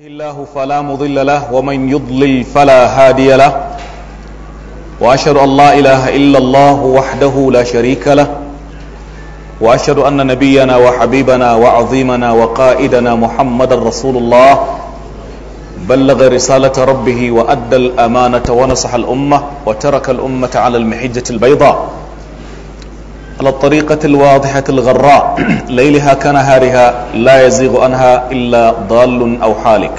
الله فلا مضل له ومن يضلل فلا هادي له واشهد ان لا اله الا الله وحده لا شريك له واشهد ان نبينا وحبيبنا وعظيمنا وقائدنا محمد رسول الله بلغ رساله ربه وادى الامانه ونصح الامه وترك الامه على المحجه البيضاء على الطريقة الواضحة الغراء ليلها كنهارها لا يزيغ عنها إلا ضال أو حالك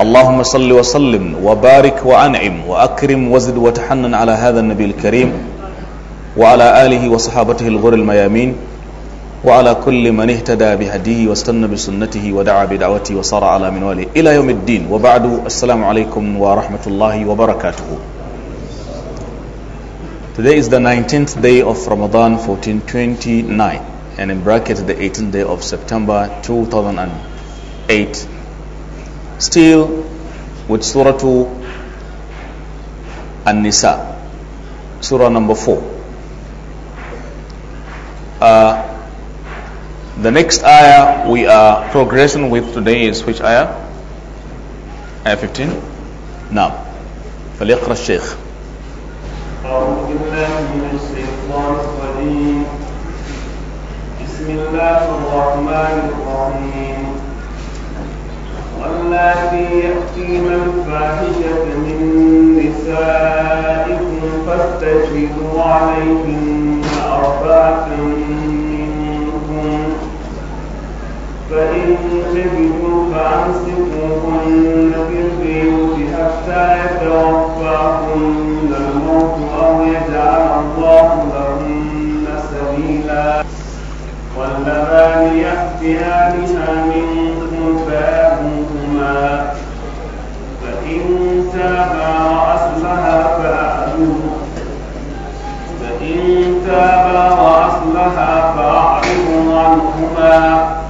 اللهم صل وسلم وبارك وأنعم وأكرم وزد وتحنن على هذا النبي الكريم وعلى آله وصحابته الغر الميامين وعلى كل من اهتدى بهديه واستنى بسنته ودعا بدعوته وصار على منواله إلى يوم الدين وبعد السلام عليكم ورحمة الله وبركاته Today is the 19th day of Ramadan 1429 and in bracket the 18th day of September 2008. Still with Surah An-Nisa, Surah number 4. Uh, the next ayah we are progressing with today is which ayah? Ayah 15? Now, فليقرأ الشيخ أعوذ بالله من الشيطان الرجيم بسم الله الرحمن الرحيم واللاتي يأتين الفاحشة من نسائكم فاستشهدوا عليهن أربعة منكم فإن خفتم فأمسكوهن في البيوت حتى يتوفاهن الموت أو يجعل الله لهن سبيلا واللذان يأتيانها منكم فآبوهما فإن تابا وأصلحا فأعدوه فإن تابا وأصلحا فأعرضوا عنهما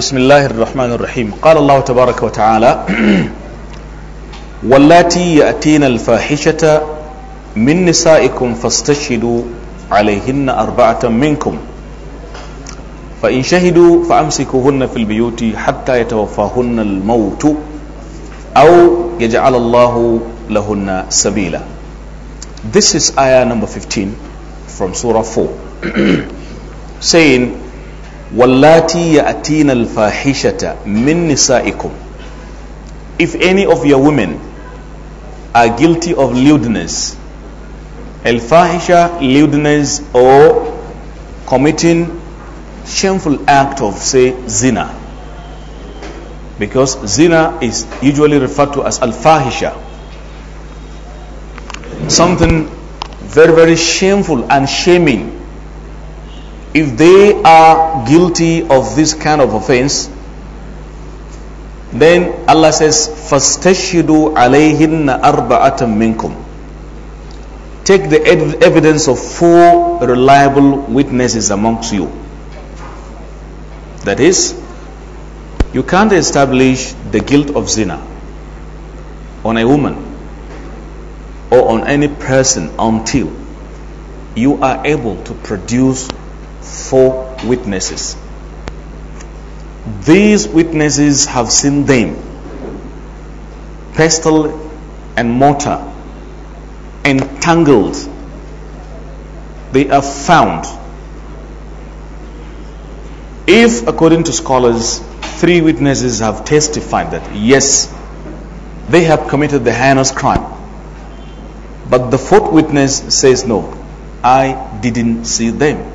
بسم الله الرحمن الرحيم قال الله تبارك وتعالى واللاتي يأتين الفاحشة من نسائكم فاستشهدوا عليهن أربعة منكم فإن شهدوا فأمسكوهن في البيوت حتى يتوفاهن الموت أو يجعل الله لهن سبيلا This is ayah number 15 from Surah 4. saying, Wallati ya'tina al-fahishata min nisa'ikum. If any of your women are guilty of lewdness, al-fahisha, lewdness, or committing shameful act of, say, zina. Because zina is usually referred to as al-fahisha. Something very, very shameful and shaming if they are guilty of this kind of offense, then Allah says, فَاسْتَشْهِدُوا عَلَيْهِنَّ أَرْبَعَةً مِنْكُمْ Take the evidence of four reliable witnesses amongst you. That is, you can't establish the guilt of zina on a woman or on any person until you are able to produce four witnesses. These witnesses have seen them, pestle and mortar, entangled. They are found. If, according to scholars, three witnesses have testified that yes, they have committed the heinous crime, but the fourth witness says no, I didn't see them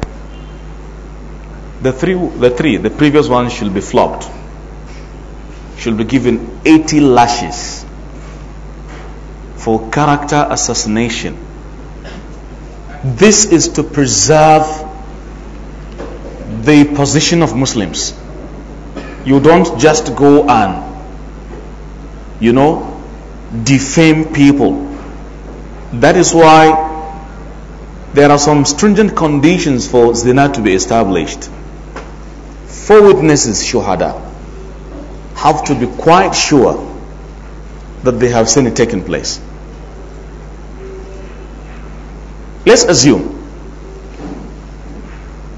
the three, the three, the previous one should be flogged, should be given 80 lashes for character assassination. This is to preserve the position of Muslims. You don't just go and, you know, defame people. That is why there are some stringent conditions for zina to be established four witnesses, shuhada, have to be quite sure that they have seen it taking place. Let's assume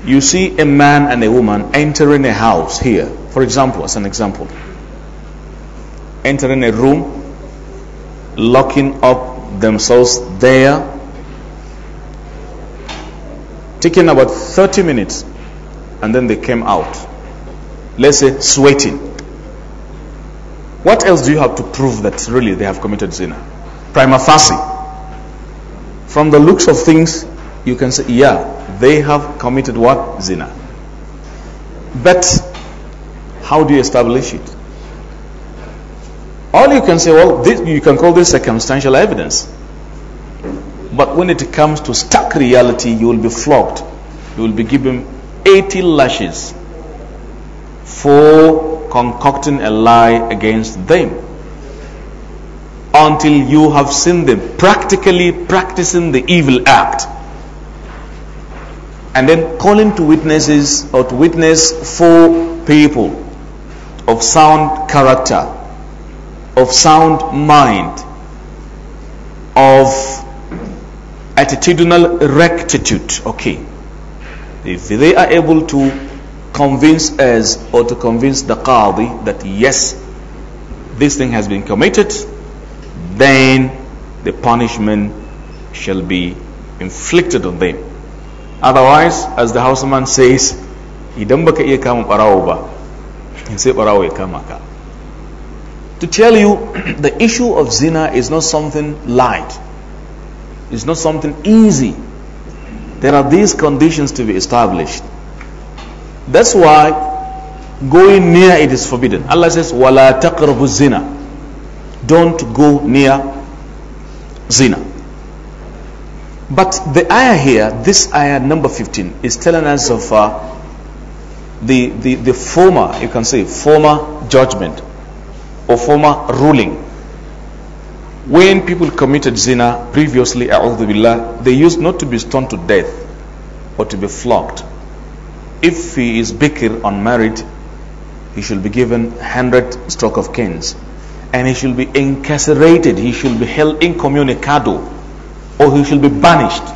you see a man and a woman entering a house here, for example, as an example, entering a room, locking up themselves there, taking about 30 minutes, and then they came out let's say, sweating. What else do you have to prove that really they have committed zina? Prima facie. From the looks of things, you can say, yeah, they have committed what? Zina. But how do you establish it? All you can say, well, this, you can call this circumstantial evidence. But when it comes to stark reality, you will be flogged. You will be given 80 lashes for concocting a lie against them until you have seen them practically practicing the evil act and then calling to witnesses or to witness four people of sound character of sound mind of attitudinal rectitude okay if they are able to convince us or to convince the qadi that yes, this thing has been committed, then the punishment shall be inflicted on them. Otherwise, as the houseman says, idan baka iya kama ba, kama ka. To tell you, the issue of zina is not something light. It's not something easy. There are these conditions to be established. That's why going near it is forbidden. Allah says, "Wala taqrabu zina." Don't go near zina. But the ayah here, this ayah number 15, is telling us of uh, the, the, the former, you can say, former judgment or former ruling. When people committed zina previously, billah, they used not to be stoned to death or to be flogged if he is bikr unmarried, he shall be given 100 stroke of canes and he shall be incarcerated, he shall be held incommunicado, or he shall be banished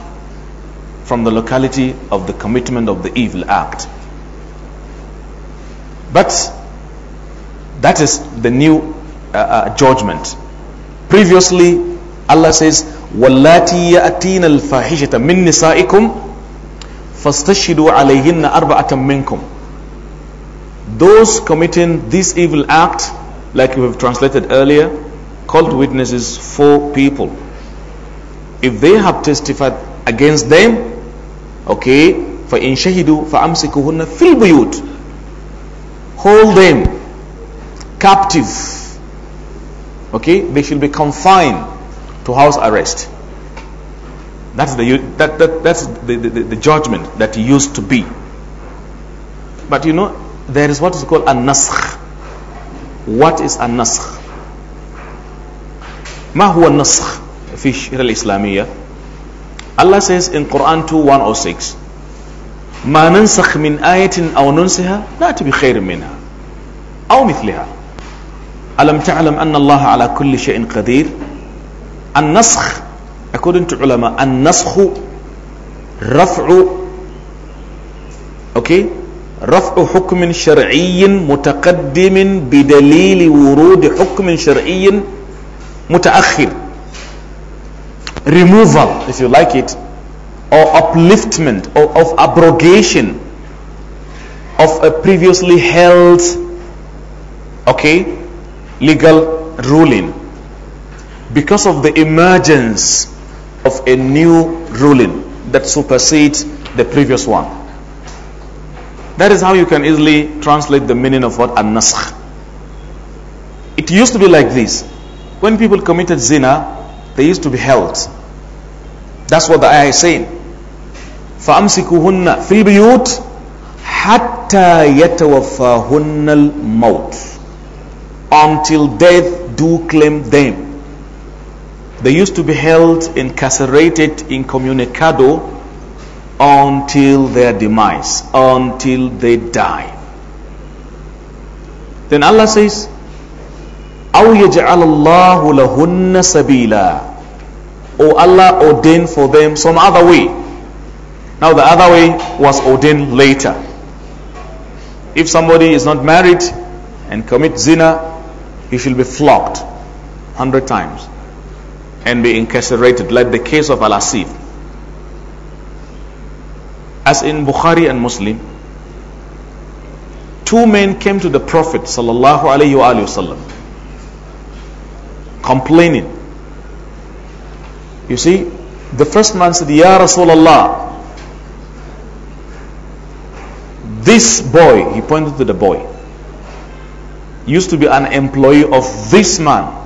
from the locality of the commitment of the evil act. But that is the new uh, uh, judgment. Previously, Allah says, وَاللَّاتِي يَأْتِينَ الْفَاحِشَةَ مِن نِسَائِكُمْ فَاسْتَشْهِدُوا عَلَيْهِنَّ أَرْبَعَةً مِّنْكُمْ Those committing this evil act, like we have translated earlier, called witnesses four people. If they have testified against them, okay, فَإِنْ شَهِدُوا فَأَمْسِكُهُنَّ فِي الْبُيُوتِ Hold them captive. Okay, they should be confined to house arrest. That's the that, that that's the, the, the judgment that used to be. But you know, there is what is called a nasakh. What is a nasakh? ما هو النسخ في الشريعة الإسلامية Allah says in Quran 2:106 ما ننسخ من آية أو ننسها نأتي بخير منها أو مثلها ألم تعلم أن الله على كل شيء قدير النسخ according to ulama, an nasxu raf'u okay رفع حكم شرعي متقدم بدليل ورود حكم shar'iyyin متأخر removal if you like it or upliftment or of abrogation of a previously held okay legal ruling because of the emergence of a new ruling that supersedes the previous one. That is how you can easily translate the meaning of what an nasakh. It used to be like this. When people committed zina, they used to be held. That's what the ayah is saying. فَأَمْسِكُهُنَّ فِي الْبِيُوتِ حَتَّى يَتَوَفَّاهُنَّ الْمَوْتِ Until death do claim them. They used to be held incarcerated incommunicado until their demise, until they die. Then Allah says, أَوْ يَجْعَلَ اللَّهُ لَهُنَّ سَبِيلًا Or Allah ordained for them some other way. Now the other way was ordained later. If somebody is not married and commits zina, he shall be flogged hundred times and be incarcerated, like the case of Al Asif. As in Bukhari and Muslim, two men came to the Prophet sallallahu complaining. You see, the first man said, Ya Allah, this boy, he pointed to the boy, used to be an employee of this man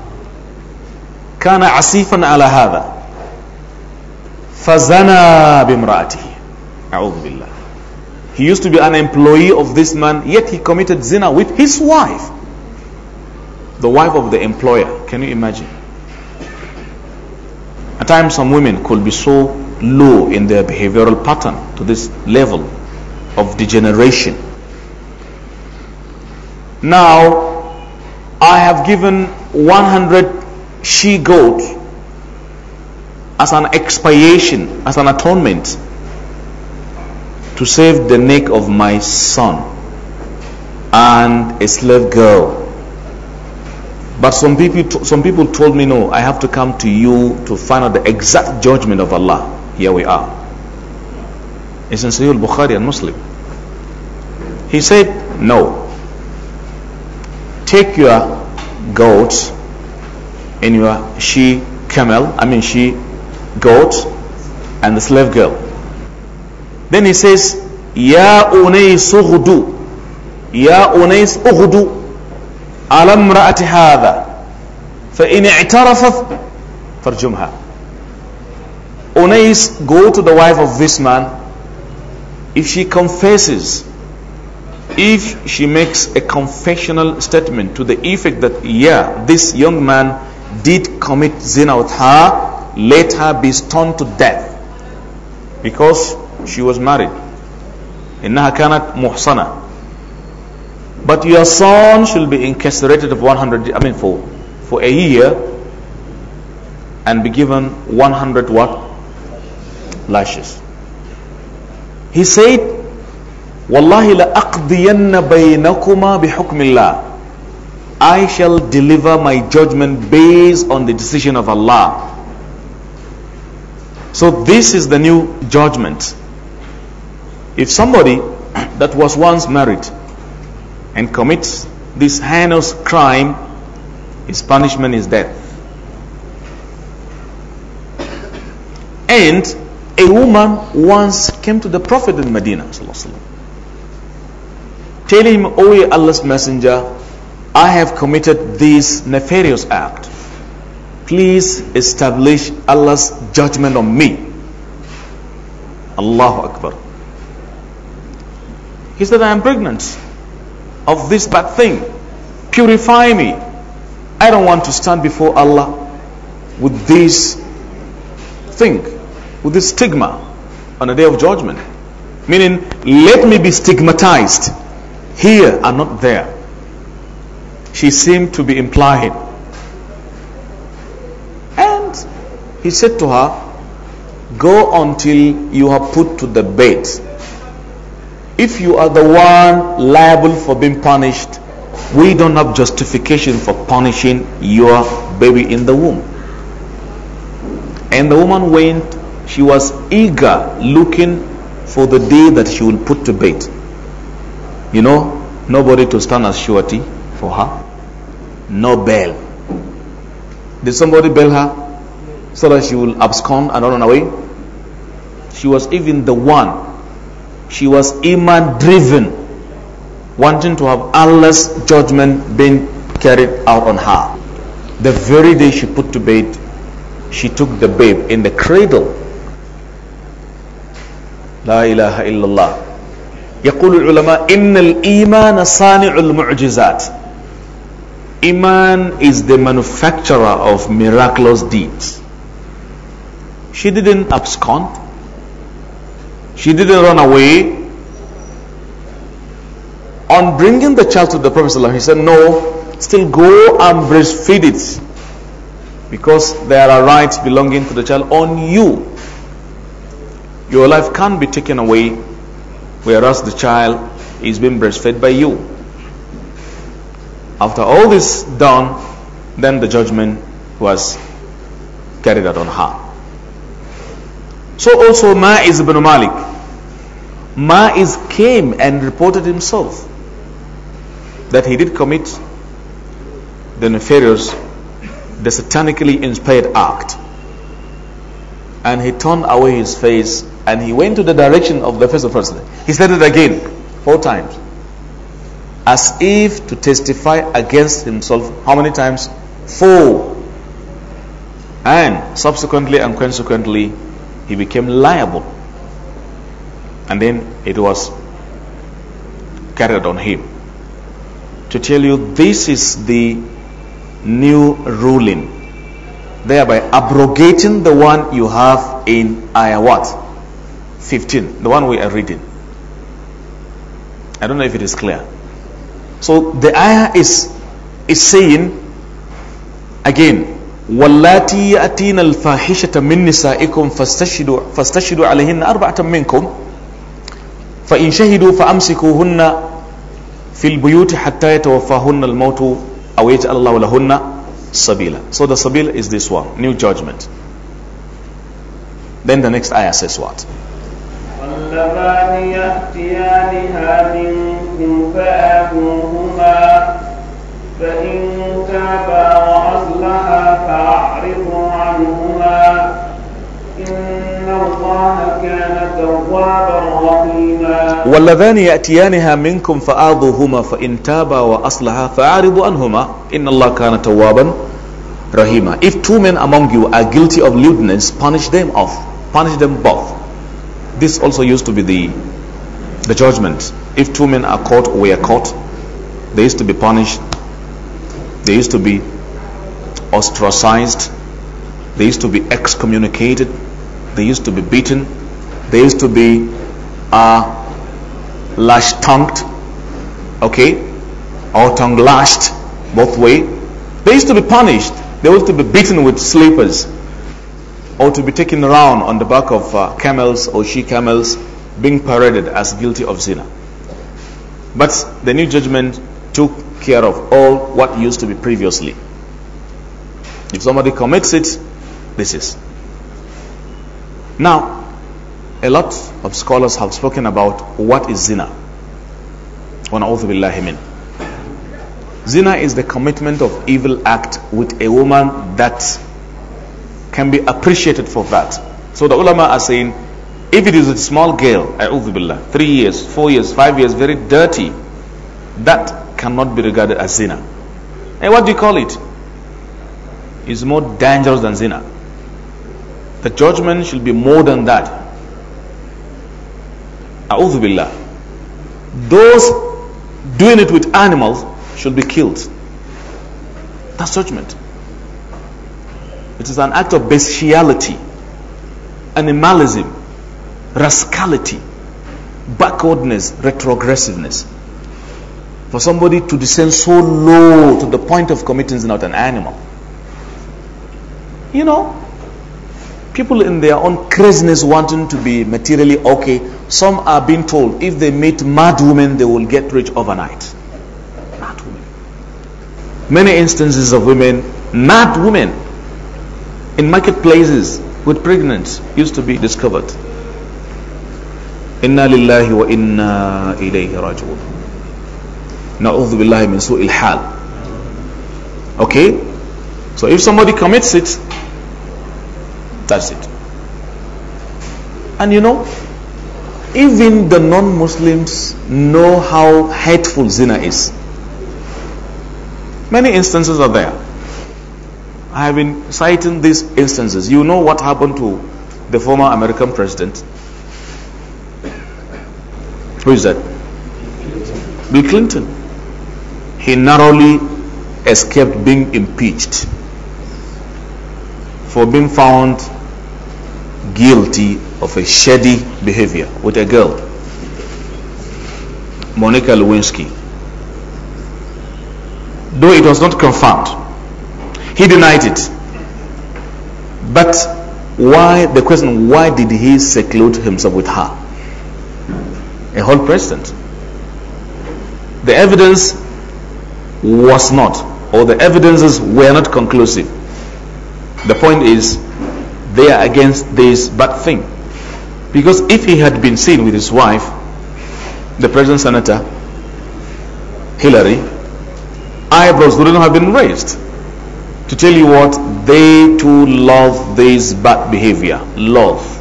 كان عسيفا على هذا فزنى بامرأته أعوذ بالله He used to be an employee of this man, yet he committed zina with his wife. The wife of the employer. Can you imagine? At times, some women could be so low in their behavioral pattern to this level of degeneration. Now, I have given 100 she goat as an expiation, as an atonement to save the neck of my son and a slave girl. But some people, some people told me, no, I have to come to you to find out the exact judgment of Allah. Here we are. It's in Sayyid bukhari and Muslim. He said, no. Take your goats in your she camel, I mean she goat, and the slave girl. Then he says, Ya unais ughdu, Ya unais ughdu, alam ra'ati hadha, Fain اعترفت فرجمها. Unais, go to the wife of this man. If she confesses, if she makes a confessional statement to the effect that, yeah, this young man did commit zina with her, let her be stoned to death because she was married. إنها كانت محصنة. But your son shall be incarcerated for 100, I mean for, for a year and be given 100 what? Lashes. He said, la لأقضين بينكما بحكم الله I shall deliver my judgment based on the decision of Allah. So this is the new judgment. If somebody that was once married and commits this heinous crime, his punishment is death. And a woman once came to the Prophet in Medina, telling him, O Allah's Messenger, I have committed this nefarious act. Please establish Allah's judgment on me. Allahu Akbar. He said, I am pregnant of this bad thing. Purify me. I don't want to stand before Allah with this thing, with this stigma on the day of judgment. Meaning, let me be stigmatized here and not there she seemed to be implying. And he said to her, Go until you are put to the bed. If you are the one liable for being punished, we don't have justification for punishing your baby in the womb. And the woman went, she was eager looking for the day that she will put to bed. You know, nobody to stand as surety for her no bail. Did somebody bail her so that she will abscond and run away? She was even the one. She was iman driven, wanting to have Allah's judgment being carried out on her. The very day she put to bed, she took the babe in the cradle. La ilaha illallah. يقول العلماء إن الإيمان صانع المعجزات Iman is the manufacturer of miraculous deeds. She didn't abscond. She didn't run away. On bringing the child to the Prophet, he said, No, still go and breastfeed it. Because there are rights belonging to the child on you. Your life can't be taken away, whereas the child is being breastfed by you. After all this done, then the judgment was carried out on her. So also Ma'iz ibn Malik. Ma'iz came and reported himself that he did commit the nefarious, the satanically inspired act. And he turned away his face and he went to the direction of the first of He said it again four times as if to testify against himself how many times? Four. And subsequently and consequently, he became liable. And then it was carried on him. To tell you, this is the new ruling, thereby abrogating the one you have in Ayah what? 15, the one we are reading. I don't know if it is clear. So the ayah is, is saying again, واللاتي يأتين الفاحشة من نسائكم فاستشهدوا فاستشهدوا عليهن أربعة منكم فإن شهدوا فأمسكوهن في البيوت حتى يتوفاهن الموت أو يجعل الله لهن سبيلا. So the sabil is this one, new judgment. Then the next ayah says what? واللذان يأتيانها منكم فأبوهما فإن تابا وأصلحا فأعرضوا عنهما إن الله كان توابا رحيما واللذان يأتيانها منكم فآذوهما فإن تابا وأصلحا فأعرضوا عنهما إن الله كان توابا Rahima, If two men among you are guilty of lewdness, punish them off. Punish them both. This also used to be the, the judgment. if two men are caught or were caught, they used to be punished, they used to be ostracized, they used to be excommunicated, they used to be beaten, they used to be uh, lash tongued, okay, or tongue lashed both way. They used to be punished, they used to be beaten with sleepers, or to be taken around on the back of uh, camels or she camels, being paraded as guilty of zina. But the new judgment took care of all what used to be previously. If somebody commits it, this is. Now, a lot of scholars have spoken about what is zina. Zina is the commitment of evil act with a woman that can be appreciated for that. So the ulama are saying if it is a small girl, three years, four years, five years, very dirty, that cannot be regarded as zina. And what do you call it? It's more dangerous than zina. The judgment should be more than that. Those doing it with animals should be killed. That's judgment. It is an act of bestiality, animalism, rascality, backwardness, retrogressiveness. For somebody to descend so low to the point of committing is not an animal. You know, people in their own craziness wanting to be materially okay, some are being told if they meet mad women, they will get rich overnight. Mad women. Many instances of women, mad women, in marketplaces with pregnant used to be discovered. إنا لله وإنا إليه راجعون نعوذ بالله من سوء الحال okay so if somebody commits it that's it and you know even the non-muslims know how hateful zina is many instances are there i have been citing these instances you know what happened to the former american president who is that? Bill Clinton. He narrowly escaped being impeached for being found guilty of a shady behavior with a girl, Monica Lewinsky. Though it was not confirmed, he denied it. But why, the question, why did he seclude himself with her? a whole president. The evidence was not, or the evidences were not conclusive. The point is, they are against this bad thing. Because if he had been seen with his wife, the present senator, Hillary, eyebrows wouldn't have been raised. To tell you what, they too love this bad behavior. Love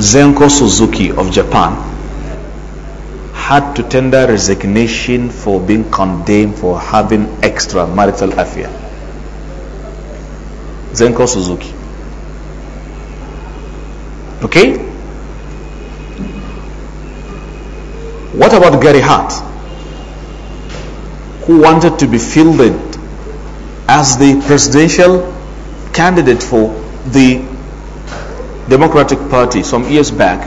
Zenko Suzuki of Japan had to tender resignation for being condemned for having extramarital affair. Zenko Suzuki. Okay? What about Gary Hart, who wanted to be fielded as the presidential candidate for the Democratic Party some years back,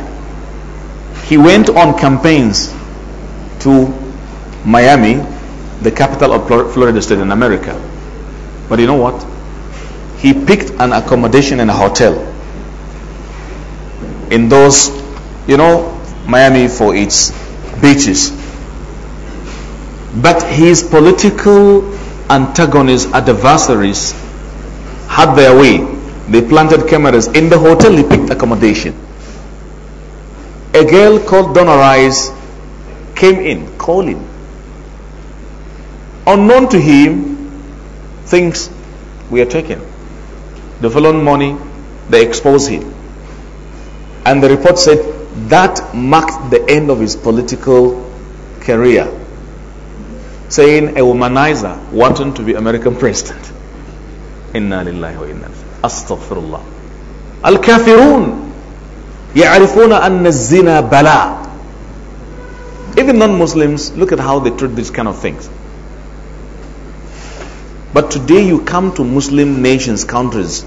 he went on campaigns to Miami, the capital of Florida State in America. But you know what? He picked an accommodation in a hotel in those, you know, Miami for its beaches. But his political antagonists, adversaries, had their way they planted cameras. In the hotel, he picked accommodation. A girl called Donna Rice came in, calling. Unknown to him, things we are taken. The following morning, they expose him. And the report said that marked the end of his political career. Saying a womanizer wanting to be American president. Inna lillahi wa inna أستغفر الله الكافرون يعرفون أن الزنا بلاء Even non-Muslims, look at how they treat these kind of things. But today you come to Muslim nations, countries,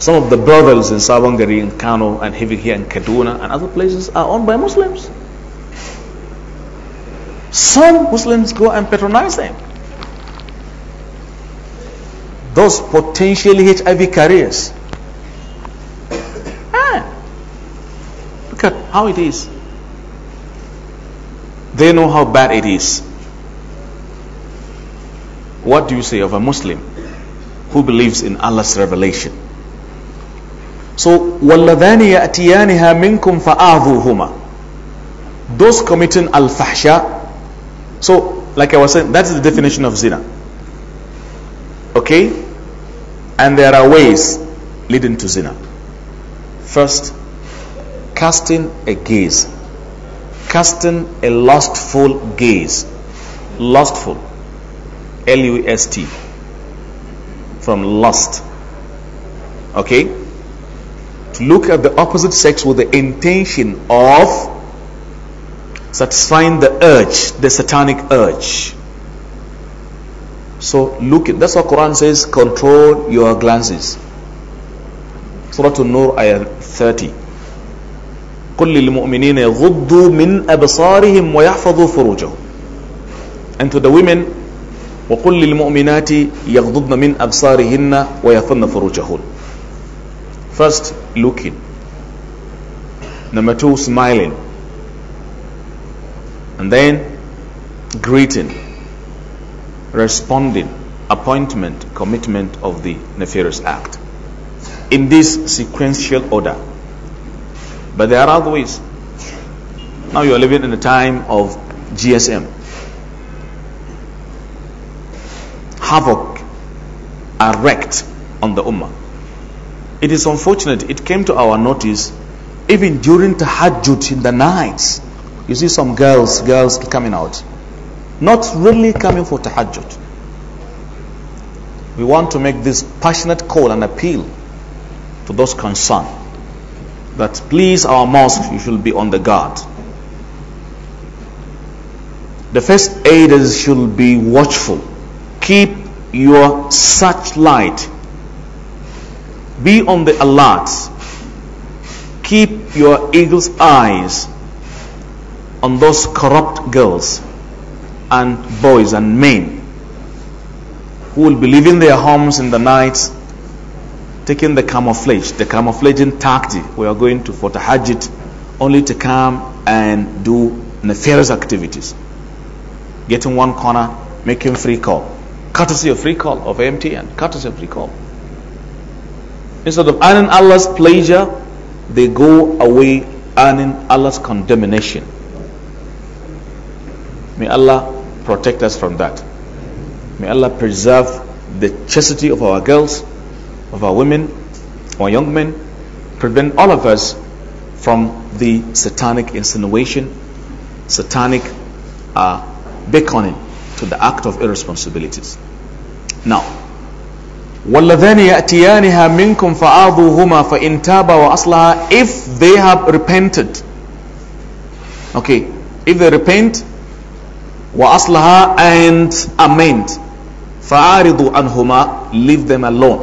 some of the brothels in Savangari and Kano and here and Kaduna and other places are owned by Muslims. Some Muslims go and patronize them those potentially HIV carriers. Ah, look at how it is. They know how bad it is. What do you say of a Muslim who believes in Allah's revelation? So, وَالَّذَانِ يَأْتِيَانِهَا مِنْكُمْ فَآذُوهُمَا Those committing al-fahsha. So, like I was saying, that is the definition of zina. Okay? And there are ways leading to zina. First, casting a gaze, casting a lustful gaze. Lustful. L U S T. From lust. Okay? To look at the opposite sex with the intention of satisfying the urge, the satanic urge. So look, it. that's what Quran says, control your glances. Surah An-Nur, ayah 30. قل للمؤمنين غضوا من أبصارهم ويحفظوا فروجهم and to the women وقل للمؤمنات يغضضن من أبصارهن ويحفظن فروجهن first looking number two smiling and then greeting responding appointment commitment of the nefarious act in this sequential order but there are other ways now you are living in a time of gsm havoc are wreaked on the ummah it is unfortunate it came to our notice even during tahajjud in the nights you see some girls girls coming out not really coming for tahajjud. We want to make this passionate call and appeal to those concerned that please our mosque you should be on the guard. The first aiders should be watchful. Keep your searchlight. Be on the alert. Keep your eagle's eyes on those corrupt girls and boys and men who will be leaving their homes in the night, taking the camouflage, the camouflaging tactic. We are going to Fort Hajit only to come and do nefarious activities. Get in one corner, making free call. Courtesy of free call of MTN, courtesy of free call. Instead of earning Allah's pleasure, they go away earning Allah's condemnation. May Allah protect us from that. May Allah preserve the chastity of our girls, of our women, our young men, prevent all of us from the satanic insinuation, satanic uh, beckoning to the act of irresponsibilities. Now, if they have repented okay if they repent وأصلها and amend فأعرضوا أنهما leave them alone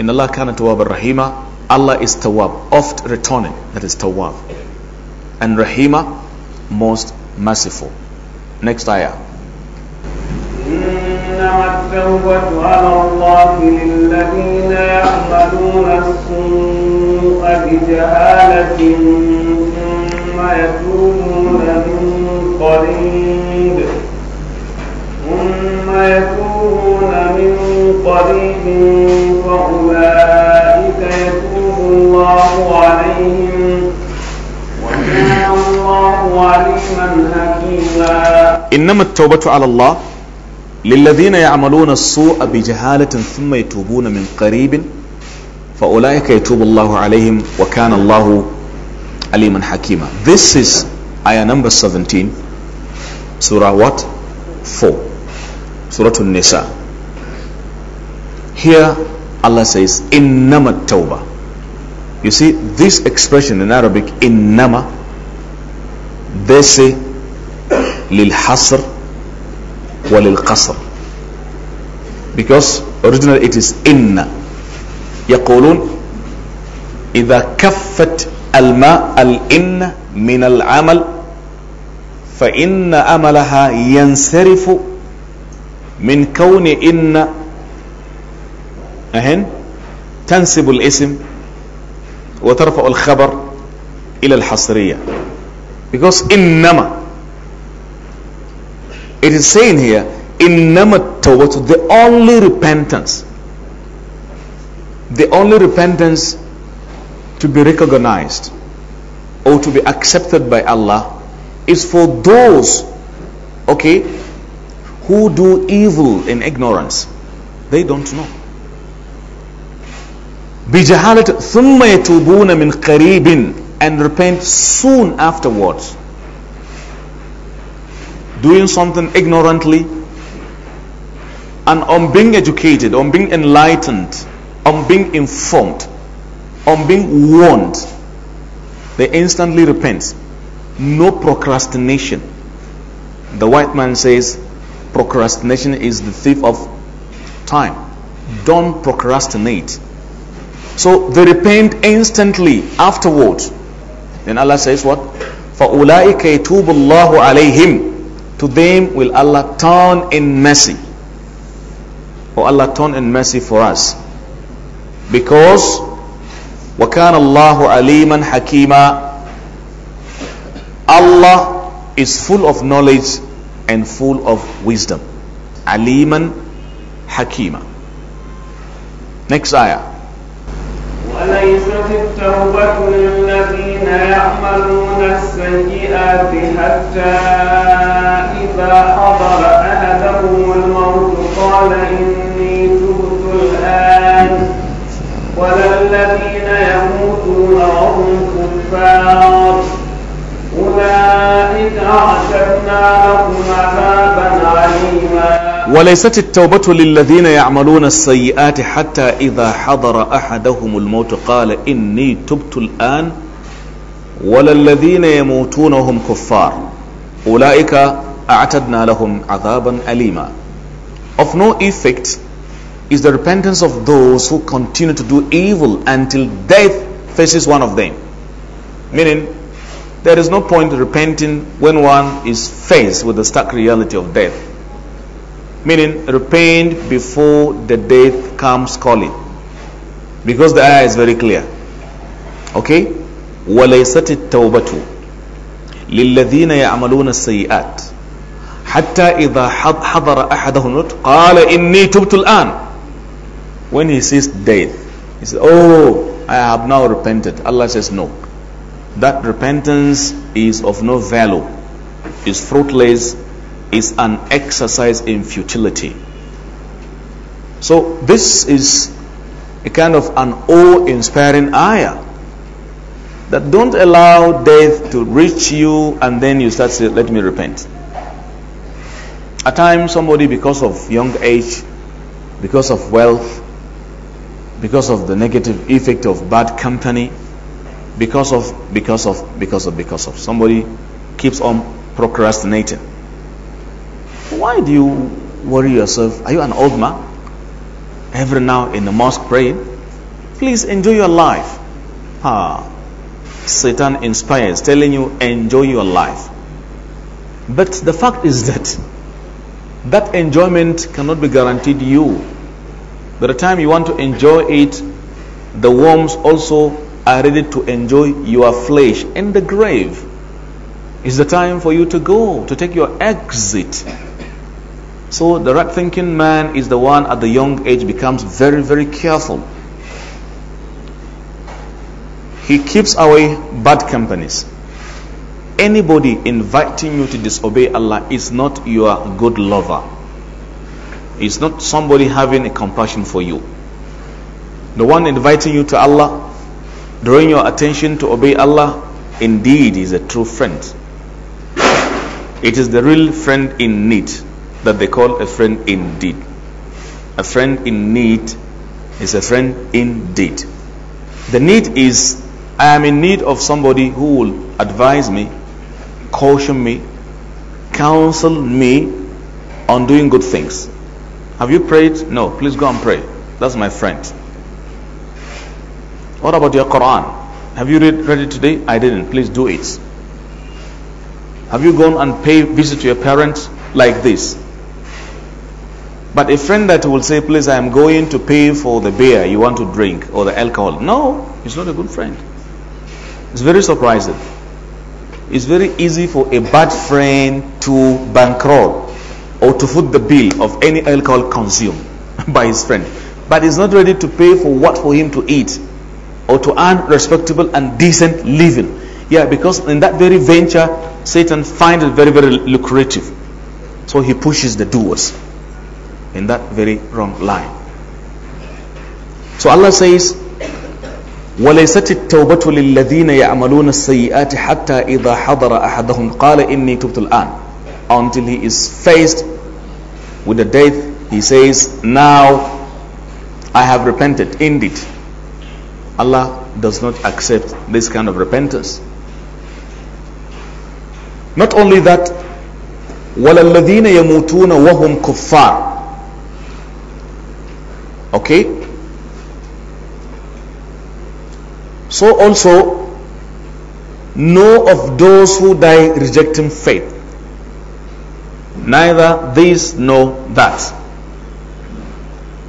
إن الله كان توابا رحيما Allah is tawab oft returning that is tawab and rahima most merciful next ayah إنما التوبة على الله للذين يعملون السوء بجهالة ثم يتوبون من قريب ثم يتوبون من قريب فأولئك يتوب الله عليهم وكان الله عليما حكيما إنما التوبة على الله للذين يعملون السوء بجهالة ثم يتوبون من قريب فأولئك يتوب الله عليهم وكان الله aliman hakima this is ayah number 17 surah what 4 surah an-nisa here allah says innama tawbah you see this expression in arabic innama they say lil hasr walil qasr because originally it is inna يقولون إذا كفت الماء الإن من العمل فإن أملها ينصرف من كون إن أهن تنسب الاسم وترفع الخبر إلى الحصرية because إنما it is saying here إنما التوبة the only repentance the only repentance to be recognized or to be accepted by Allah is for those, okay, who do evil in ignorance. They don't know. بجهالة ثم يتوبون min qareebin and repent soon afterwards. Doing something ignorantly and on being educated, on being enlightened, on being informed, on being warned, they instantly repent. No procrastination. The white man says procrastination is the thief of time. Don't procrastinate. So they repent instantly afterwards. Then Allah says what? فَأُولَٰئِكَ يَتُوبُ اللَّهُ عَلَيْهِمْ To them will Allah turn in mercy. Oh Allah turn in mercy for us. Because وَكَانَ اللَّهُ عَلِيمًا حَكِيمًا الله is full of knowledge and full of wisdom. عليما حكيما Next ayah. وليست التوبة للذين يعملون السيئات حتى إذا حضر أحدهم الموت قال إني تبت الآن وللذين يموتون وهم كفار أولئك أعتدنا لهم عذابا عليما وليست التوبة للذين يعملون السيئات حتى إذا حضر أحدهم الموت قال إني تبت الآن ولا الذين يموتون وهم كفار أولئك أعتدنا لهم عذابا أليما Of no effect is the repentance of those who continue to do evil until death faces one of them. Meaning, there is no point repenting when one is faced with the stark reality of death. Meaning, repent before the death comes calling. Because the ayah is very clear. Okay? وليست التوبة للذين يعملون السيئات حتى إذا حضر أحدهم قال إني تبت الآن when he sees death, he says, Oh, I have now repented. Allah says, No. That repentance is of no value, is fruitless, is an exercise in futility. So, this is a kind of an awe inspiring ayah that don't allow death to reach you and then you start say, Let me repent. At times, somebody, because of young age, because of wealth, because of the negative effect of bad company, because of, because of, because of, because of. Somebody keeps on procrastinating. Why do you worry yourself? Are you an old man? Every now in the mosque praying? Please enjoy your life. Ah, Satan inspires, telling you enjoy your life. But the fact is that that enjoyment cannot be guaranteed you by the time you want to enjoy it, the worms also are ready to enjoy your flesh in the grave. It's the time for you to go, to take your exit. So the right thinking man is the one at the young age becomes very, very careful. He keeps away bad companies. Anybody inviting you to disobey Allah is not your good lover is not somebody having a compassion for you. The one inviting you to Allah, drawing your attention to obey Allah, indeed is a true friend. It is the real friend in need that they call a friend indeed. A friend in need is a friend indeed. The need is I am in need of somebody who will advise me, caution me, counsel me on doing good things. Have you prayed? No. Please go and pray. That's my friend. What about your Quran? Have you read, read it today? I didn't. Please do it. Have you gone and pay visit to your parents like this? But a friend that will say, please, I am going to pay for the beer you want to drink or the alcohol. No, he's not a good friend. It's very surprising. It's very easy for a bad friend to bankrupt or to foot the bill of any alcohol consumed by his friend, but is not ready to pay for what for him to eat or to earn respectable and decent living. Yeah, because in that very venture, Satan finds it very, very lucrative. So he pushes the doers in that very wrong line. So Allah says, وليست التوبة للذين يعملون السيئات حتى إذا حضر أحدهم قال إني تبت الآن until he is faced with the death, he says, Now I have repented. Indeed, Allah does not accept this kind of repentance. Not only that, وَلَلَّذِينَ يَمُوتُونَ وَهُمْ كُفَّارٌ Okay? So also, know of those who die rejecting faith neither this nor that.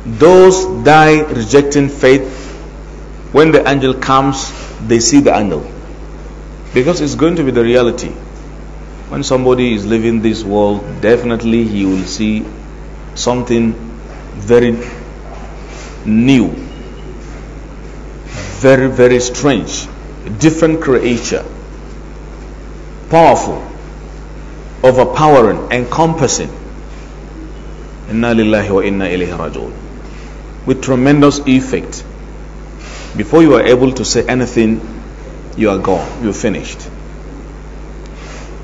Those die rejecting faith. When the angel comes, they see the angel. Because it's going to be the reality. When somebody is leaving this world, definitely he will see something very new, very, very strange, different creature, powerful overpowering, encompassing. Inna lillahi wa inna ilayhi rajoon. With tremendous effect. Before you are able to say anything, you are gone. You're finished.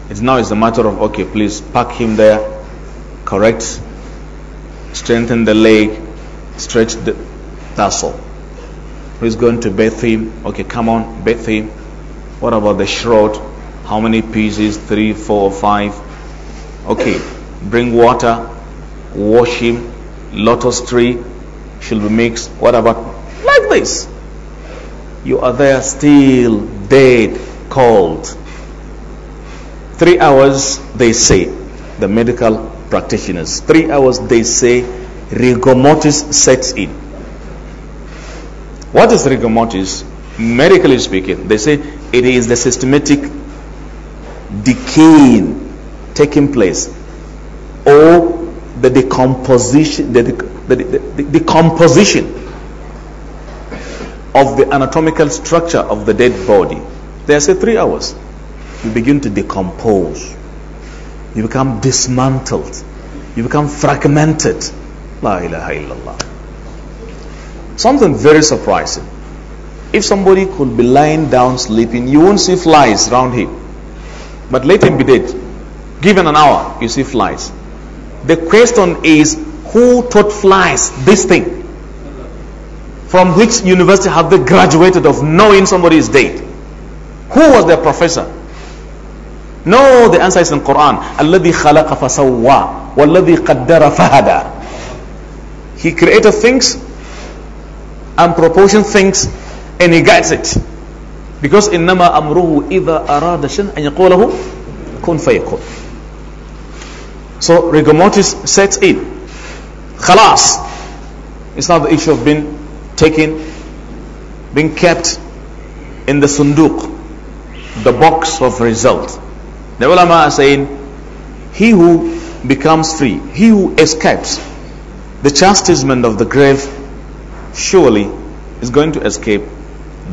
It's now it's a matter of okay, please pack him there, correct, strengthen the leg, stretch the tassel. Who's going to bathe him? Okay, come on, bathe him. What about the shroud? How many pieces? Three, four, five. Okay, bring water, wash him, lotus tree should be mixed. What about like this? You are there still dead, cold. Three hours, they say, the medical practitioners. Three hours, they say, rigor mortis sets in. What is rigor mortis? Medically speaking, they say it is the systematic decaying taking place or the decomposition the, the, the, decomposition of the anatomical structure of the dead body they say three hours you begin to decompose you become dismantled you become fragmented la ilaha illallah something very surprising if somebody could be lying down sleeping you won't see flies around him but let him be dead. Given an hour, you see flies. The question is who taught flies this thing? From which university have they graduated of knowing somebody is dead? Who was their professor? No, the answer is in Quran. الذي خلق فسوى والذي قدر He created things and proportioned things and he guides it because in nama amruhu ida aradashin and يقول له كن so rigor mortis sets in خلاص it's not the issue of being taken being kept in the sunduk the box of result the ulama are saying he who becomes free he who escapes the chastisement of the grave surely is going to escape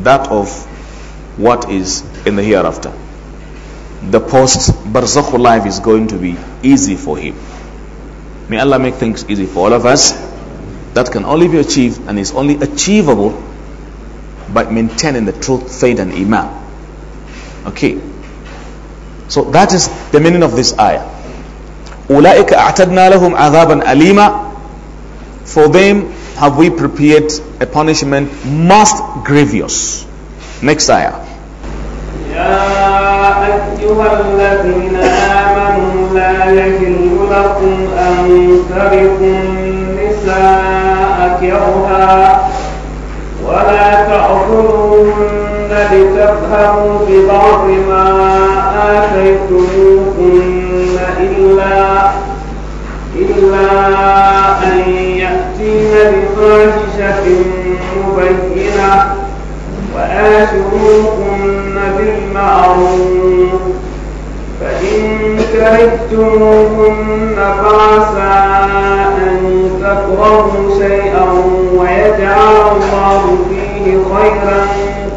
that of what is in the hereafter. The post barzakh life is going to be easy for him. May Allah make things easy for all of us. That can only be achieved and is only achievable by maintaining the truth, faith, and iman. Okay. So that is the meaning of this ayah. أولئك أعتدنا لهم عذابا أليما For them have we prepared a punishment most grievous. Next ayah. يا أيها الذين آمنوا لا يحل لكم أن ترثوا النساء كرها ولا تأخذوهن لتفهموا ببعض ما آتيتموهن إلا إلا أن يأتين بفاحشة مبينة وآشروهن معروف فإن كرهتموهن فعسى أن تكرهوا شيئا ويجعل الله فيه خيرا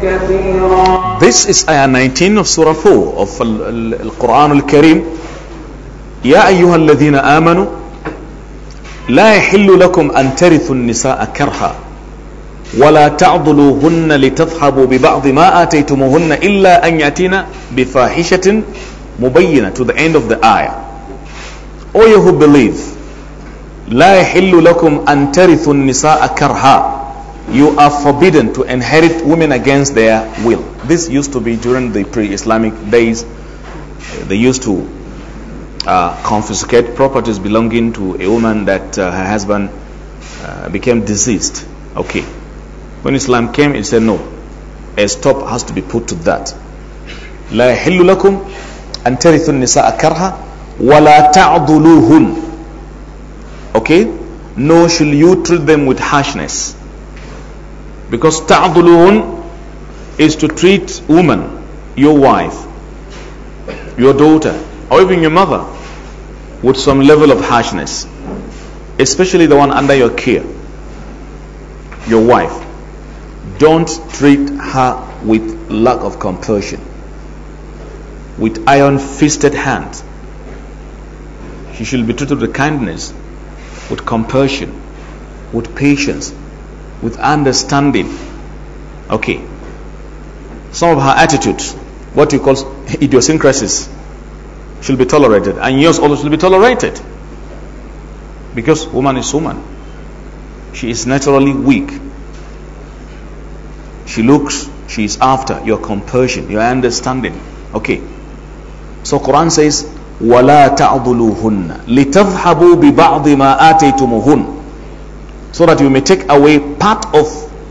كثيرا This is ayah 19 of Surah 4 of Al-Quran Al-Karim يا أيها الذين آمنوا لا يحل لكم أن ترثوا النساء كرها ولا تعضلوهن لتذهبوا ببعض ما آتيتموهن إلا أن يأتينا بفاحشة مبينة to the end of the ayah. O you who believe, لا يحل لكم أن ترثوا النساء كرها. You are forbidden to inherit women against their will. This used to be during the pre-Islamic days. They used to uh, confiscate properties belonging to a woman that uh, her husband uh, became deceased. Okay. When Islam came, it said no. A stop has to be put to that. لا يحل لكم أن ترثوا النساء كرها ولا تعضلوهن. Okay? No, should you treat them with harshness. Because تعضلوهن is to treat woman, your wife, your daughter, or even your mother with some level of harshness, especially the one under your care, your wife. Don't treat her with lack of compassion, with iron fisted hand. She should be treated with kindness, with compassion, with patience, with understanding. Okay. Some of her attitudes, what you call idiosyncrasies, should be tolerated, and yours also should be tolerated. Because woman is woman. She is naturally weak she looks, she is after your compassion, your understanding. Okay. So Quran says, وَلَا تَعْضُلُوهُنَّ لِتَذْهَبُوا بِبَعْضِ مَا آتَيْتُمُهُنَّ So that you may take away part of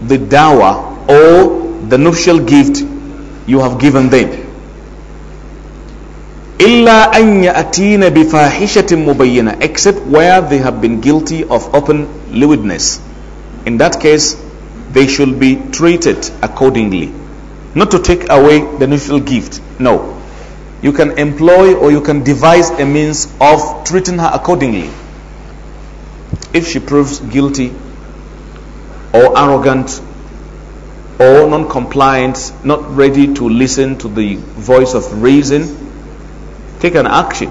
the dawah or the nuptial gift you have given them. إلا أن يأتين بفاحشة مبينة except where they have been guilty of open lewdness. In that case, they should be treated accordingly. Not to take away the mutual gift. No. You can employ or you can devise a means of treating her accordingly. If she proves guilty or arrogant or non compliant, not ready to listen to the voice of reason, take an action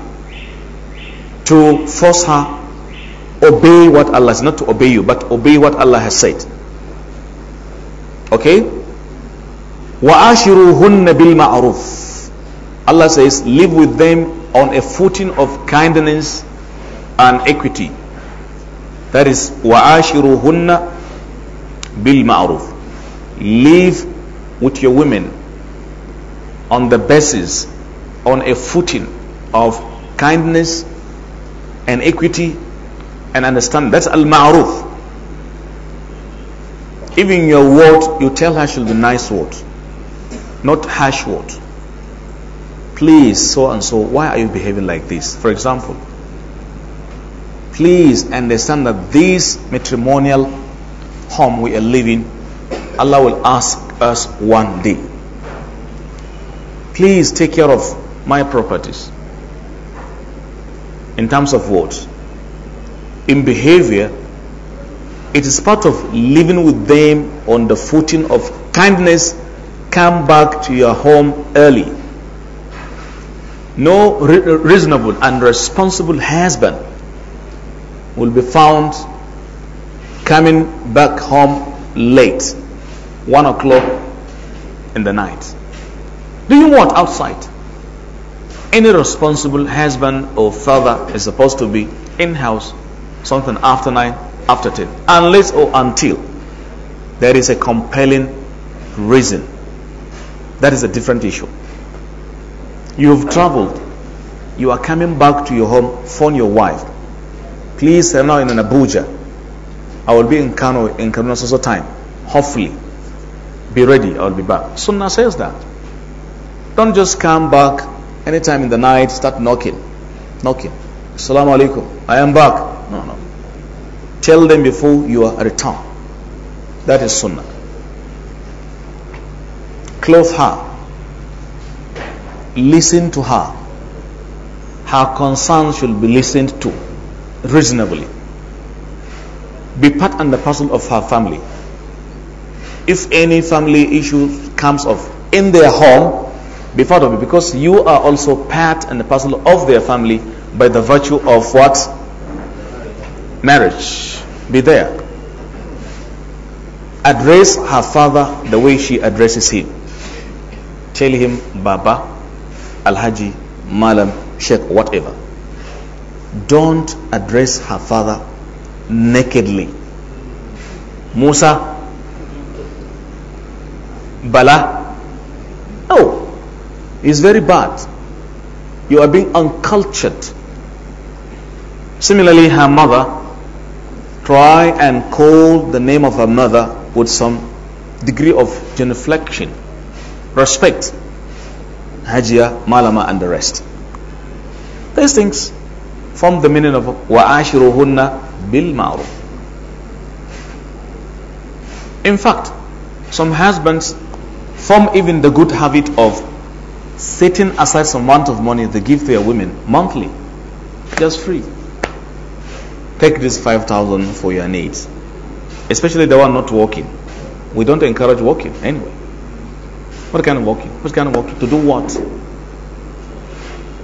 to force her obey what Allah is not to obey you, but obey what Allah has said. Okay? وَآشِرُوهُنَّ بِالْمَعْرُوفِ Allah says, live with them on a footing of kindness and equity. That is, وَآشِرُوهُنَّ بِالْمَعْرُوفِ Live with your women on the basis, on a footing of kindness and equity and understand That's al-ma'ruf. Even your word, you tell her should be nice word, not harsh word. Please, so and so, why are you behaving like this? For example, please understand that this matrimonial home we are living, Allah will ask us one day. Please take care of my properties. In terms of what? In behavior, it is part of living with them on the footing of kindness. Come back to your home early. No re reasonable and responsible husband will be found coming back home late, one o'clock in the night. Do you want outside? Any responsible husband or father is supposed to be in house something after nine after 10 unless or until there is a compelling reason that is a different issue you've traveled you are coming back to your home phone your wife please I'm now in Abuja I will be in Kano in Kano so time hopefully be ready I'll be back Sunnah says that don't just come back anytime in the night start knocking knocking assalamu alaikum I am back no no Tell them before your return. That is sunnah. Clothe her. Listen to her. Her concerns should be listened to reasonably. Be part and the parcel of her family. If any family issue comes up in their home, be part of it because you are also part and the parcel of their family by the virtue of what marriage be there. Address her father the way she addresses him. Tell him Baba, Alhaji, Malam, Sheikh, whatever. Don't address her father nakedly. Musa, Bala, no, it's very bad. You are being uncultured. Similarly, her mother, try and call the name of her mother with some degree of genuflection, respect, Hajia, Malama, and the rest. These things form the meaning of وَعَاشِرُهُنَّ بِالْمَعْرُوفِ In fact, some husbands form even the good habit of setting aside some amount of money they give their women monthly, just free take this 5,000 for your needs. Especially the one not working. We don't encourage working anyway. What kind of working? What kind of working To do what?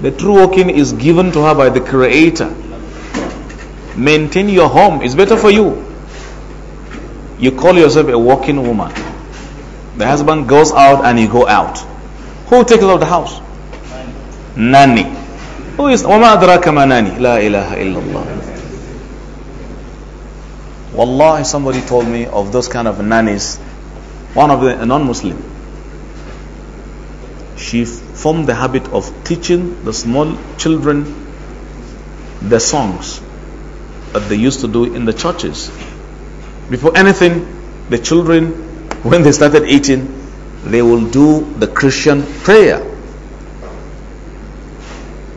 The true working is given to her by the Creator. Maintain your home, is better for you. You call yourself a working woman. The husband goes out and you go out. Who takes out the house? Nanny. Who is Wama Adraka Manani? La ilaha illallah. Wallahi, somebody told me of those kind of nannies. One of the non-Muslim. She formed the habit of teaching the small children the songs that they used to do in the churches. Before anything, the children, when they started eating, they will do the Christian prayer.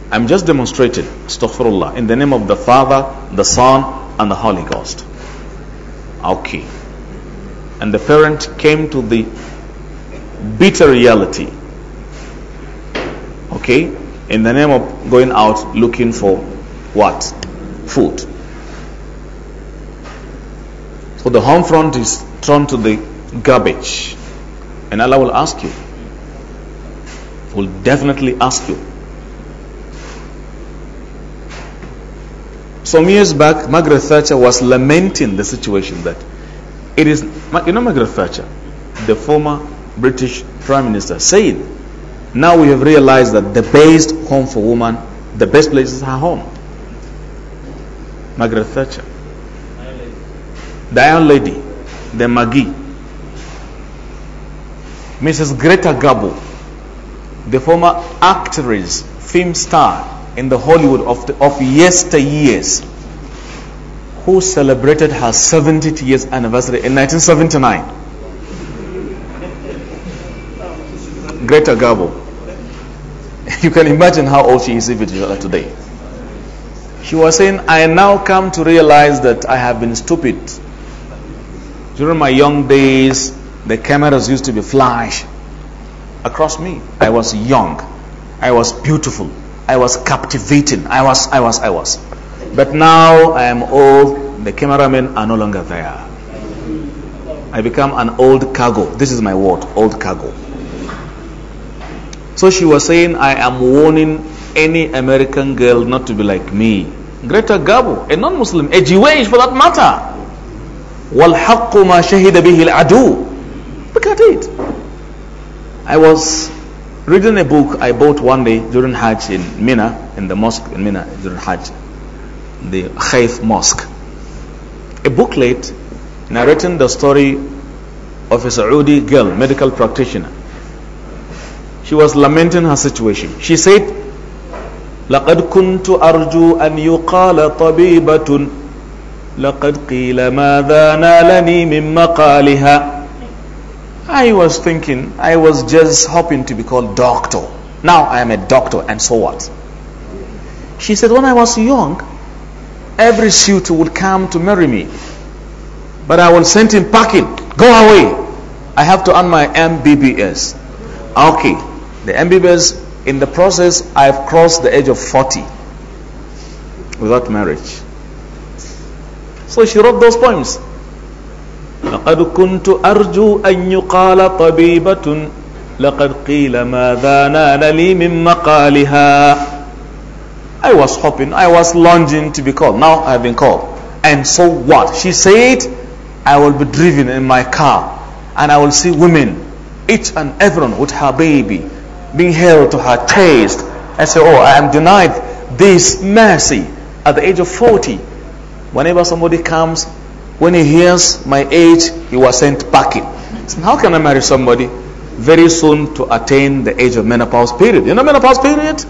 I'm just demonstrating, astaghfirullah, in the name of the Father, the Son, and the Holy Ghost. Okay. And the parent came to the bitter reality. Okay? In the name of going out looking for what? Food. So the home front is thrown to the garbage. And Allah will ask you. Will definitely ask you Some years back, Margaret Thatcher was lamenting the situation that it is, you know, Margaret Thatcher, the former British Prime Minister, said, now we have realized that the best home for women, the best place is her home. Margaret Thatcher, Diane Lady, the Maggie, Mrs. Greta Gabo, the former actress, film star, in the Hollywood of, the, of yesteryears who celebrated her 70th years anniversary in 1979. Greta Garbo. You can imagine how old she is even today. She was saying, I now come to realize that I have been stupid. During my young days, the cameras used to be flash across me. I was young. I was beautiful. I was captivating. I was, I was, I was. But now I am old. The cameramen are no longer there. I become an old cargo. This is my word, old cargo. So she was saying, I am warning any American girl not to be like me. Greta Gabo, a non-Muslim, a Jewish for that matter. وَالْحَقُّ مَا شَهِدَ بِهِ Look at it. I was reading a book I bought one day during Hajj in Mina, in the mosque in Mina during Hajj, the Khayf Mosque. A booklet narrating the story of a Saudi girl, medical practitioner. She was lamenting her situation. She said, لقد كنت أرجو أن يقال طبيبة لقد قيل ماذا نالني من مقالها I was thinking, I was just hoping to be called doctor. Now I am a doctor, and so what? She said, When I was young, every suitor would come to marry me, but I will send him packing. Go away. I have to earn my MBBS. Okay, the MBBS, in the process, I've crossed the age of 40 without marriage. So she wrote those poems. لقد كنت أرجو أن يقال طبيبة لقد قيل ماذا نال لي من مقالها I was hoping, I was longing to be called. Now I have been called. And so what? She said, I will be driven in my car and I will see women, each and everyone with her baby, being held to her chest. I say, oh, I am denied this mercy at the age of 40. Whenever somebody comes when he hears my age, he was sent packing. how can I marry somebody very soon to attain the age of menopause period? You know menopause period?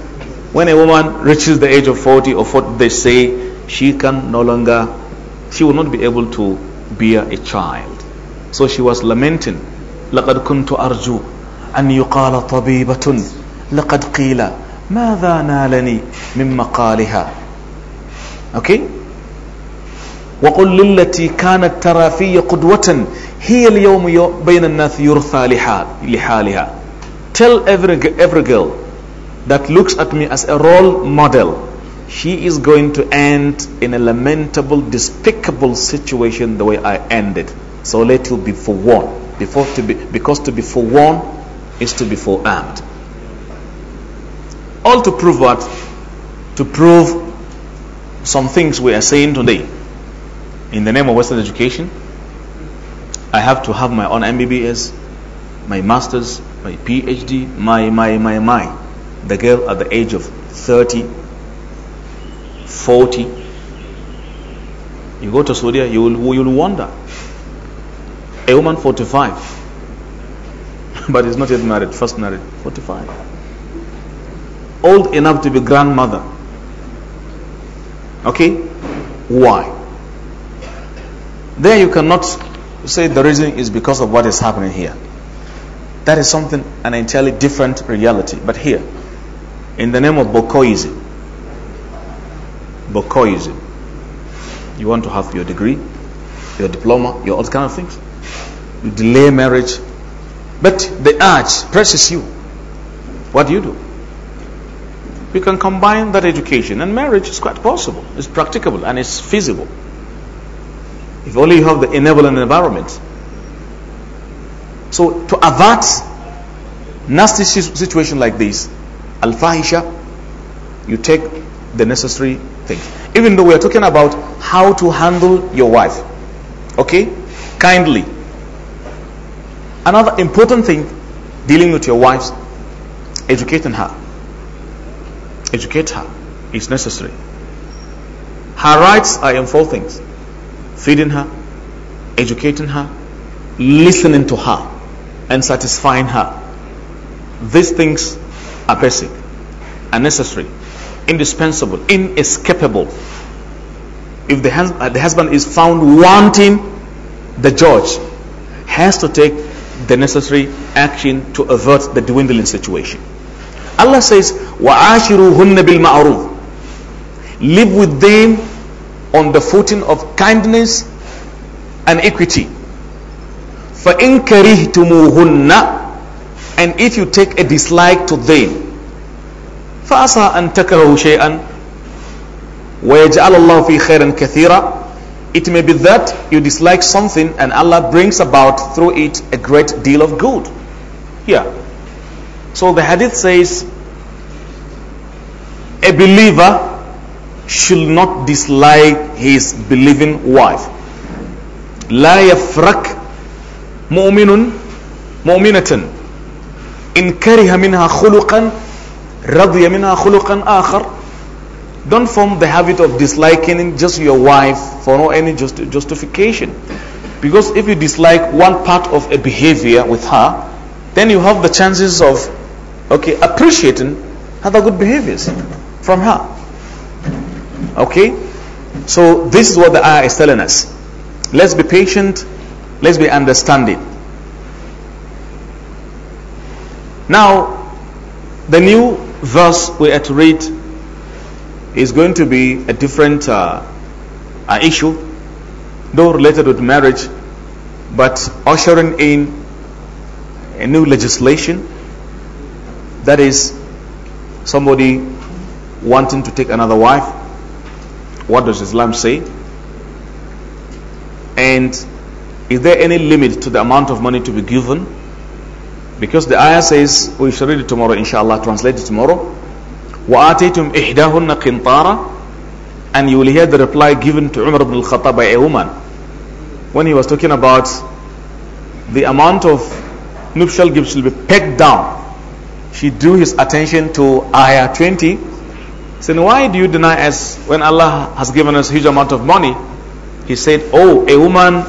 When a woman reaches the age of 40 or 40, they say she can no longer, she will not be able to bear a child. So she was lamenting, لَقَدْ كُنْتُ أَرْجُو أَنْ يُقَالَ طَبِيبَةٌ لَقَدْ قِيلَ ماذا نالني من مقالها okay وقل للتي كانت ترى في قدوة هي اليوم بين الناس يرثى لحالها Tell every, every girl that looks at me as a role model she is going to end in a lamentable, despicable situation the way I ended. So let you be forewarned. Before to be, because to be forewarned is to be forearmed. All to prove what? To prove some things we are saying today in the name of Western education, I have to have my own MBBS, my master's, my PhD, my, my, my, my. The girl at the age of 30, 40. You go to Saudi, you will, you will wonder. A woman 45, but is not yet married, first married, 45. Old enough to be grandmother. Okay? Why? There you cannot say the reason is because of what is happening here. That is something an entirely different reality. But here, in the name of Bokoism, Bokoism, you want to have your degree, your diploma, your all kind of things. You delay marriage, but the urge presses you. What do you do? You can combine that education and marriage is quite possible. It's practicable and it's feasible. If only you have the enabling environment. So to avert nasty situation like this, al-fahisha, you take the necessary things. Even though we are talking about how to handle your wife, okay, kindly. Another important thing dealing with your wife, educating her. Educate her is necessary. Her rights are in four things feeding her, educating her, listening to her, and satisfying her. These things are basic, are necessary, indispensable, inescapable. If the, hus- uh, the husband is found wanting, the judge has to take the necessary action to avert the dwindling situation. Allah says, وَعَاشِرُهُنَّ بِالْمَعْرُوفِ Live with them on the footing of kindness and equity. فَإِن كَرِهْتُمُوهُنَّ And if you take a dislike to them, فَأَسَىٰ أَن تَكَرَهُ شَيْئًا وَيَجْعَلَ اللَّهُ فِي خَيْرًا كَثِيرًا It may be that you dislike something and Allah brings about through it a great deal of good. Here. Yeah. So the hadith says, a believer should not dislike his believing wife. لا يفرق مؤمن مؤمنة إن كره منها خلقا رضي منها خلقا آخر Don't form the habit of disliking just your wife for no any just, justification. Because if you dislike one part of a behavior with her, then you have the chances of okay appreciating other good behaviors from her. Okay? So this is what the ayah is telling us. Let's be patient. Let's be understanding. Now, the new verse we are to read is going to be a different uh, uh, issue, though related with marriage, but ushering in a new legislation. That is, somebody wanting to take another wife what does Islam say? And is there any limit to the amount of money to be given? Because the ayah says, we shall read it tomorrow, inshallah, translate it tomorrow. وَآتَيْتُمْ إِحْدَاهُنَّ قِنْطَارًا And you will hear the reply given to Umar ibn al-Khattab by a woman. When he was talking about the amount of nuptial gifts will be pegged down. She drew his attention to ayah 20 Saying, why do you deny us when Allah has given us huge amount of money? He said, oh, a woman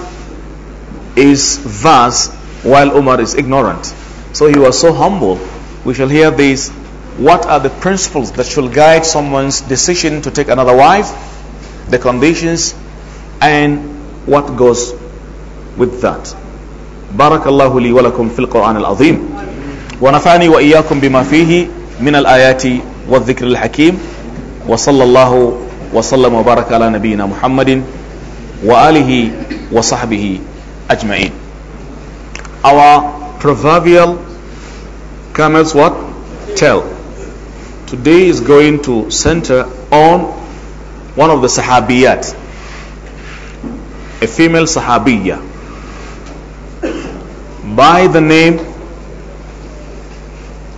is vast while Umar is ignorant. So he was so humble. We shall hear this. What are the principles that shall guide someone's decision to take another wife? The conditions and what goes with that. بارك الله لي ولكم في القرآن العظيم ونفعني وإياكم بما فيه من الآيات والذكر الحكيم وصلى الله وسلم وبارك على نبينا محمد وآله وصحبه أجمعين Our proverbial camel's what? tell Today is going to center on one of the Sahabiyat, a female Sahabiya by the name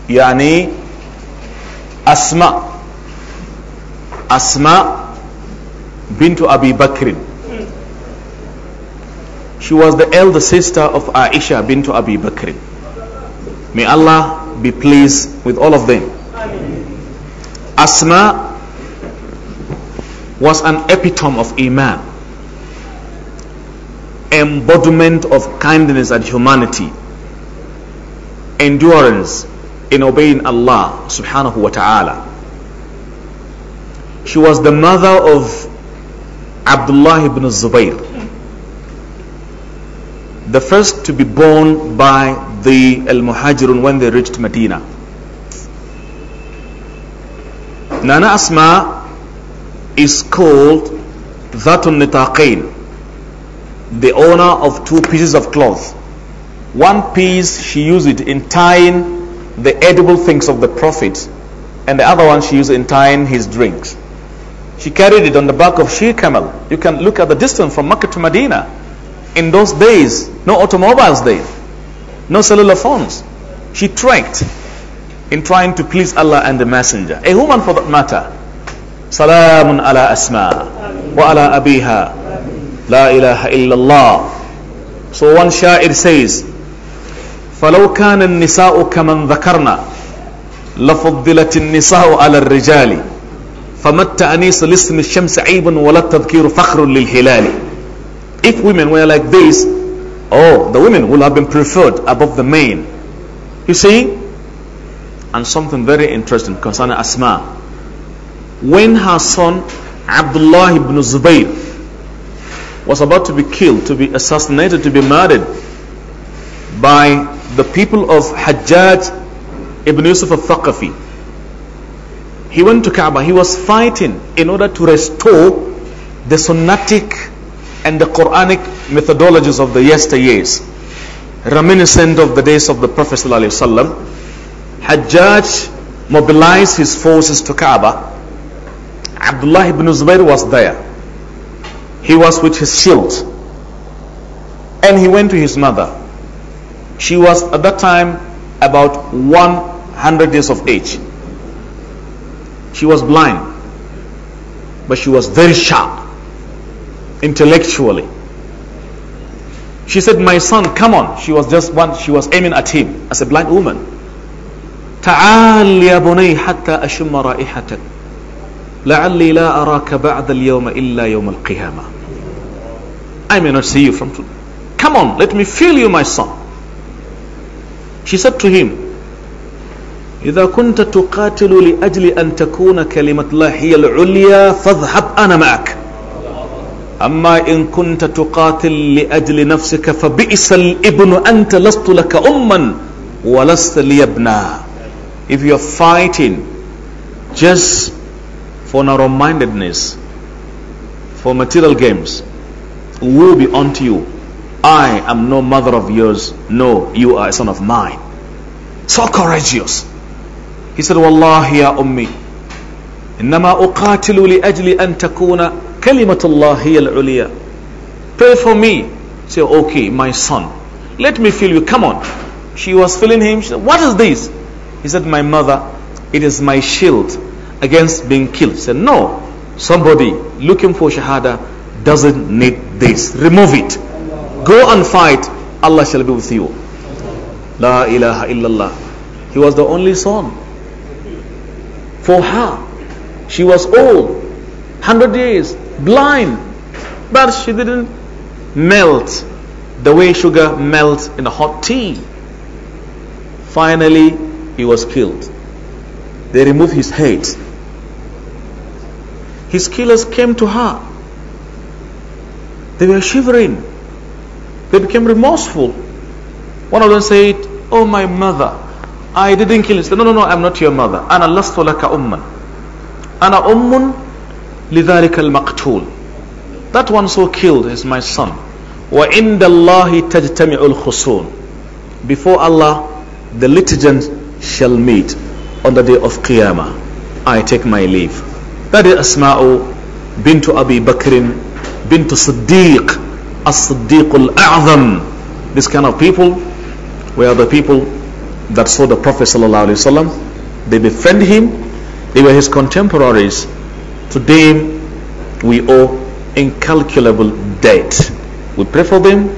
Yani Asma Asma bintu Abi Bakr. She was the elder sister of Aisha bintu Abi Bakr. May Allah be pleased with all of them. Asma was an epitome of Iman, embodiment of kindness and humanity, endurance in obeying Allah subhanahu wa ta'ala. She was the mother of Abdullah ibn Zubayr, the first to be born by the Al Muhajirun when they reached Medina. Nana Asma is called Zatun Nitaqain, the owner of two pieces of cloth. One piece she used in tying the edible things of the Prophet, and the other one she used in tying his drinks. She carried it on the back of she camel. You can look at the distance from Makkah to Medina. In those days, no automobiles there, no cellular phones. She trekked in trying to please Allah and the Messenger. A woman for that matter. Salamun ala Asma wa ala Abiha. La ilaha illallah. So one sha'ir says, فلو كان النساء كمن ذكرنا لفضلت النساء على الرجال فَمَتْ لِسْمِ الشَّمْسِ وَلَا فَخْرٌ لِلْهِلَالِ If women were like this, oh, the women would have been preferred above the men. You see? And something very interesting concerning Asma. When her son Abdullah ibn Zubayr was about to be killed, to be assassinated, to be murdered by the people of Hajjaj ibn Yusuf al-Thaqafi. He went to Kaaba. He was fighting in order to restore the Sunnatic and the Quranic methodologies of the yesteryears, reminiscent of the days of the Prophet ﷺ. Hajjaj mobilized his forces to Kaaba. Abdullah ibn Zubair was there. He was with his shield. And he went to his mother. She was at that time about 100 years of age. She was blind, but she was very sharp intellectually. She said, My son, come on. She was just one, she was aiming at him as a blind woman. تعال يا بني حتى أشم رائحتك لعلي لا أراك بعد اليوم إلا يوم القيامة I may not see you from today. Come on, let me feel you, my son. She said to him, إذا كنت تقاتل لأجل أن تكون كلمة الله هي العليا فاذهب أنا معك أما إن كنت تقاتل لأجل نفسك فبئس الابن أنت لست لك أما ولست لي ابنا If you're fighting just for narrow-mindedness, for material games, woe be unto you. I am no mother of yours. No, you are a son of mine. So courageous. He said, Wallahi ya ummi, إنما أقاتل لأجل أن تكون كلمة الله هي العليا. Pray for me. Say, okay, my son. Let me feel you. Come on. She was feeling him. She said, what is this? He said, my mother, it is my shield against being killed. She said, no. Somebody looking for shahada doesn't need this. Remove it. Go and fight. Allah shall be with you. La ilaha illallah. He was the only son for her. She was old, 100 years, blind, but she didn't melt the way sugar melts in a hot tea. Finally, he was killed. They removed his head. His killers came to her. They were shivering. They became remorseful. One of them said, Oh, my mother, I didn't kill him. said, no, no, no, I'm not your mother. أنا لست لك أما. ummun أم لذلك maqtul. That one so killed is my son. Wa وعند الله al-khusun. Before Allah, the litigants shall meet on the day of Qiyamah. I take my leave. That is Asma'u bintu Abi Bakr bintu Siddiq, As-Siddiq Al-A'zam. This kind of people are the people that saw the Prophet ﷺ. They befriended him. They were his contemporaries. To them, we owe incalculable debt. We pray for them.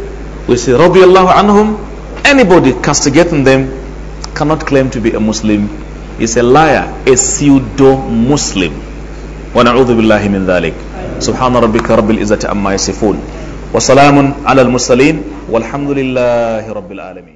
We say, رضي Allah anhum." Anybody castigating them cannot claim to be a Muslim. He's a liar, a pseudo-Muslim. ونعوذ بالله من ذلك. سبحان ربك رب العزة عما يصفون. وسلام على المرسلين والحمد لله رب العالمين